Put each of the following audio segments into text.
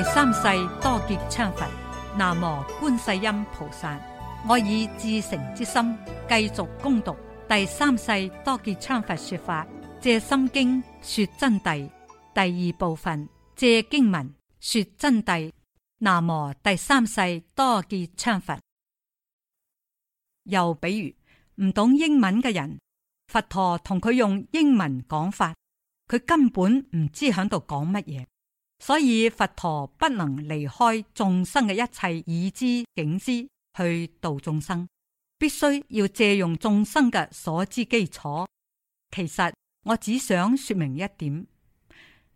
第三世多杰羌佛，南無觀世音菩薩。我以至誠之心繼續恭讀第三世多杰羌佛說法，借心經說真諦第二部分，借經文說真諦。南無第三世多杰羌佛。又比如唔懂英文嘅人，佛陀同佢用英文講法，佢根本唔知喺度講乜嘢。所以佛陀不能離開眾生嘅一切已知境知去度眾生，必須要借用眾生嘅所知基礎。其實我只想說明一點：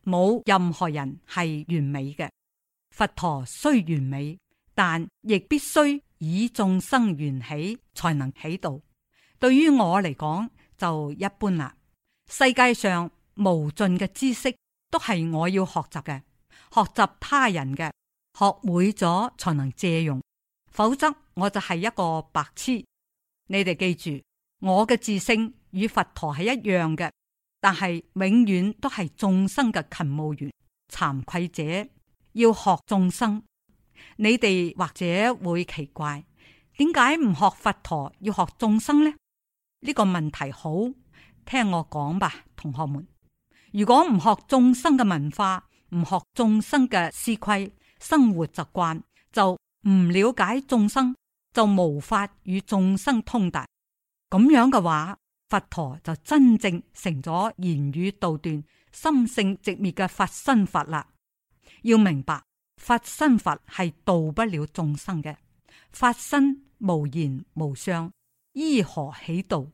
冇任何人係完美嘅。佛陀雖完美，但亦必須以眾生緣起才能起度。對於我嚟講就一般啦。世界上無盡嘅知識都係我要學習嘅。學習他人嘅，學會咗，才能借用，否則我就係一個白痴。你哋記住，我嘅智性與佛陀係一樣嘅，但係永遠都係眾生嘅勤務員、慚愧者。要學眾生，你哋或者會奇怪，點解唔學佛陀，要學眾生呢？呢、呢個問題好，聽我講吧，同學們。如果唔學眾生嘅文化，唔學眾生嘅思規、生活習慣，就唔了解眾生，就無法與眾生通達。咁樣嘅話，佛陀就真正成咗言語道斷、心性直滅嘅法身法啦。要明白，法身佛係度不了眾生嘅，法身無言無相，依何起道？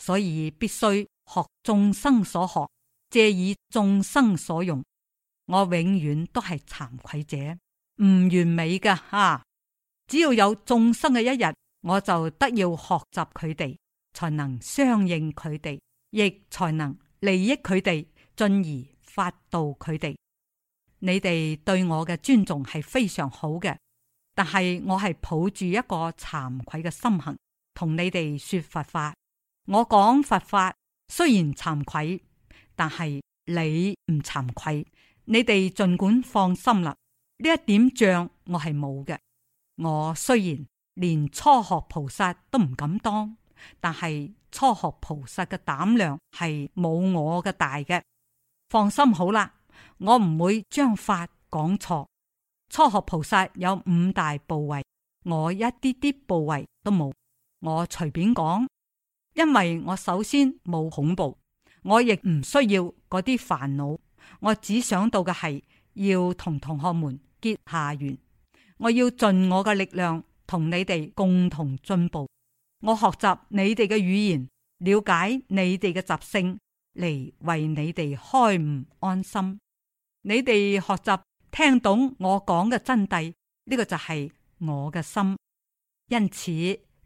所以必須學眾生所學，借以眾生所用。我永遠都係慚愧者，唔完美嘅哈、啊，只要有眾生嘅一日，我就得要學習佢哋，才能相應佢哋，亦才能利益佢哋，進而發度佢哋。你哋對我嘅尊重係非常好嘅，但係我係抱住一個慚愧嘅心行同你哋說佛法。我講佛法雖然慚愧，但係你唔慚愧。你哋盡管放心啦，呢一點賬我係冇嘅。我雖然連初學菩薩都唔敢當，但係初學菩薩嘅膽量係冇我嘅大嘅。放心好啦，我唔會將法講錯。初學菩薩有五大怖畏，我一啲啲怖畏都冇，我隨便講，因為我首先冇恐怖，我亦唔需要嗰啲煩惱。我只想到嘅係要同同學們結下緣，我要盡我嘅力量同你哋共同進步。我學習你哋嘅語言，了解你哋嘅習性，嚟為你哋開悟安心。你哋學習聽懂我講嘅真諦，呢個就係我嘅心。因此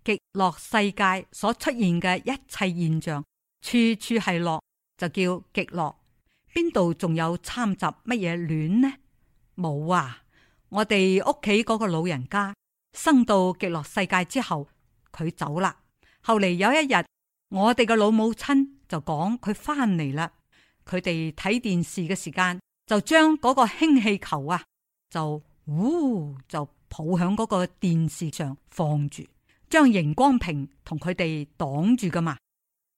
極樂世界所出現嘅一切現象，處處係樂，就叫極樂。邊度仲有參雜乜嘢亂呢？冇啊！我哋屋企嗰個老人家生到極樂世界之後，佢走啦。後嚟有一日，我哋嘅老母親就講佢翻嚟啦。佢哋睇電視嘅時間，就將嗰個氫氣球啊，就嗚就抱響嗰個電視上放住，將熒光屏同佢哋擋住㗎嘛。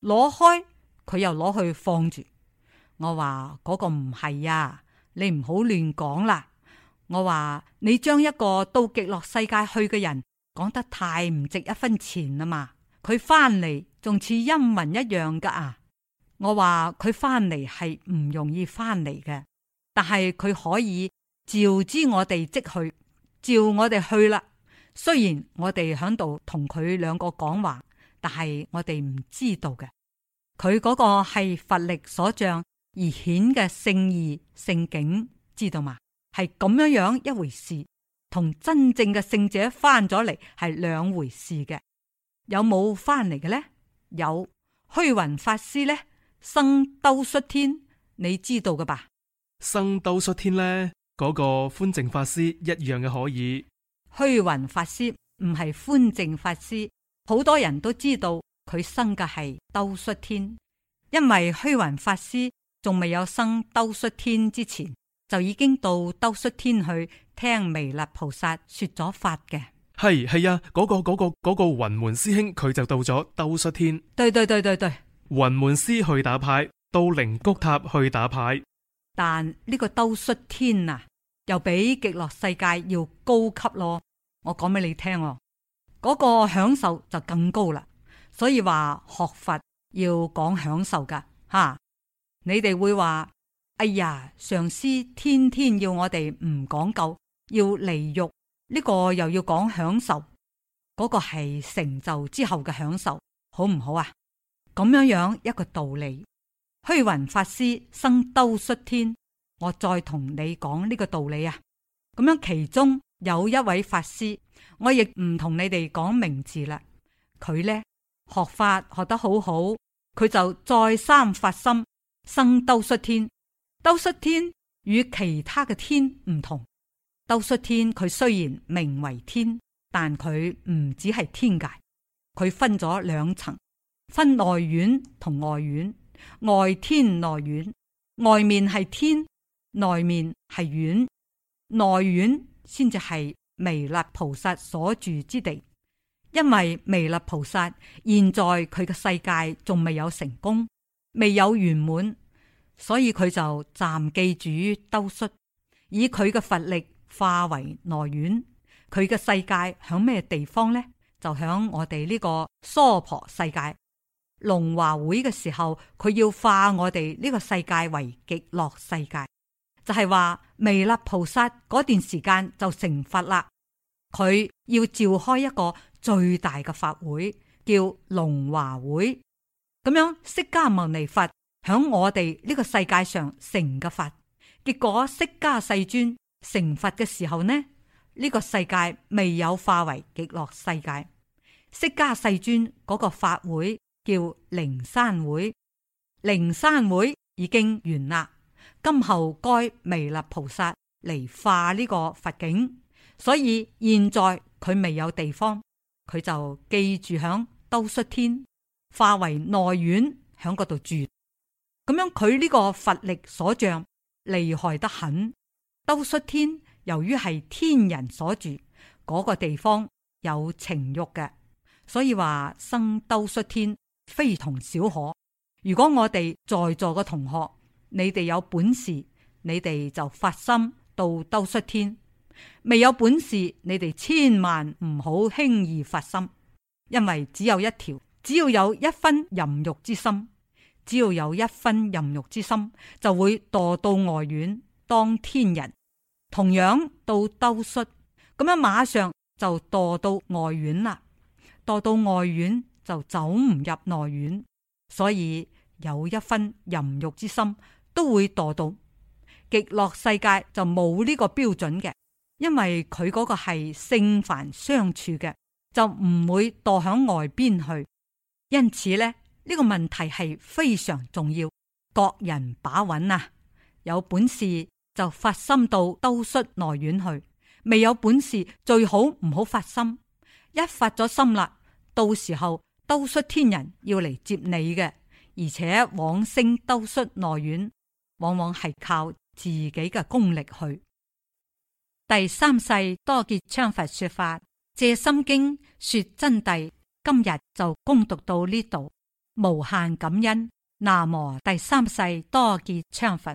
攞開佢又攞去放住。我話嗰個唔係啊，你唔好亂講啦。我話你將一個到極樂世界去嘅人講得太唔值一分錢啦嘛。佢翻嚟仲似陰文一樣噶啊！我話佢翻嚟係唔容易翻嚟嘅，但係佢可以照知我哋即去，照我哋去啦。雖然我哋響度同佢兩個講話，但係我哋唔知道嘅，佢嗰個係佛力所像，而顯嘅聖義聖境，知道嘛，係咁樣樣一回事，同真正嘅聖者翻咗嚟係兩回事嘅。有冇翻嚟嘅呢？有虛雲法師呢，生兜率天，你知道嘅吧？生兜率天呢，嗰、那個寬淨法師一樣嘅可以。虛雲法師唔係寬淨法師，好多人都知道佢生嘅係兜率天，因為虛雲法師。仲未有生兜率天之前，就已經到兜率天去聽彌勒菩薩說咗法嘅。係係呀，嗰個嗰個嗰個雲門師兄，佢就到咗兜率天。對對對對對，雲門師去打牌，到靈谷塔去打牌。但呢個兜率天啊，又比極樂世界要高級咯。我講俾你聽，啊，嗰、嗰個享受就更高啦。所以話學佛要講享受噶，吓。你哋會話，哎呀，上司天天要我哋唔講究，要利欲，呢個又要講享受，嗰個係成就之後嘅享受，好唔好啊？咁樣樣一個道理。虛雲法師生兜率天，我再同你講呢個道理啊。咁樣其中有一位法師，我亦唔同你哋講名字啦。佢呢學法學得好好，佢就再三發心。生兜率天，兜率天與其他嘅天唔同。兜率天佢雖然名為天，但佢唔只係天界，佢分咗兩層，分內院同外院。外天內院，外面係天，內面係院，內院先至係彌勒菩薩所住之地。因為彌勒菩薩現在佢嘅世界仲未有成功，未有圓滿。所以佢就暫記住兜率，以佢嘅佛力化為內院。佢嘅世界響咩地方呢？就響我哋呢個娑婆世界。龍華會嘅時候，佢要化我哋呢個世界為極樂世界，就係、是、話彌勒菩薩嗰段時間就成佛啦。佢要召開一個最大嘅法會，叫龍華會。咁樣釋迦牟尼佛。響我哋呢個世界上成個佛，結果釋迦世尊成佛嘅時候呢？呢個世界未有化為極樂世界，釋迦世尊嗰個法會叫靈山會，靈山會已經完啦。今後該彌勒菩薩嚟，化呢個佛境，所以現在佢未有地方，佢就記住響兜率天化為內院，響嗰度住。咁樣，佢呢個佛力所降，厲害得很。兜率天由於係天人所住，嗰、那個地方有情欲嘅，所以話生兜率天非同小可。如果我哋在座嘅同學，你哋有本事，你哋就發心到兜率天；未有本事，你哋千萬唔好輕易發心，因為只有一條，只要有一分淫欲之心。只要有一分淫欲之心，就會墮到外院當天人。同樣到兜率咁樣，馬上就墮到外院啦。墮到外院就走唔入內院，所以有一分淫欲之心都會墮到。極樂世界就冇呢個標準嘅，因為佢嗰個係聖凡相處嘅，就唔會墮向外邊去。因此呢。呢個問題係非常重要，各人把穩啊。有本事就發心到兜率內院去，未有本事最好唔好發心。一發咗心啦，到時候兜率天人要嚟接你嘅，而且往生兜率內院，往往係靠自己嘅功力去。第三世多杰羌佛說法，借心經說真諦。今日就恭讀到呢度。無限感恩，南無第三世多杰羌佛。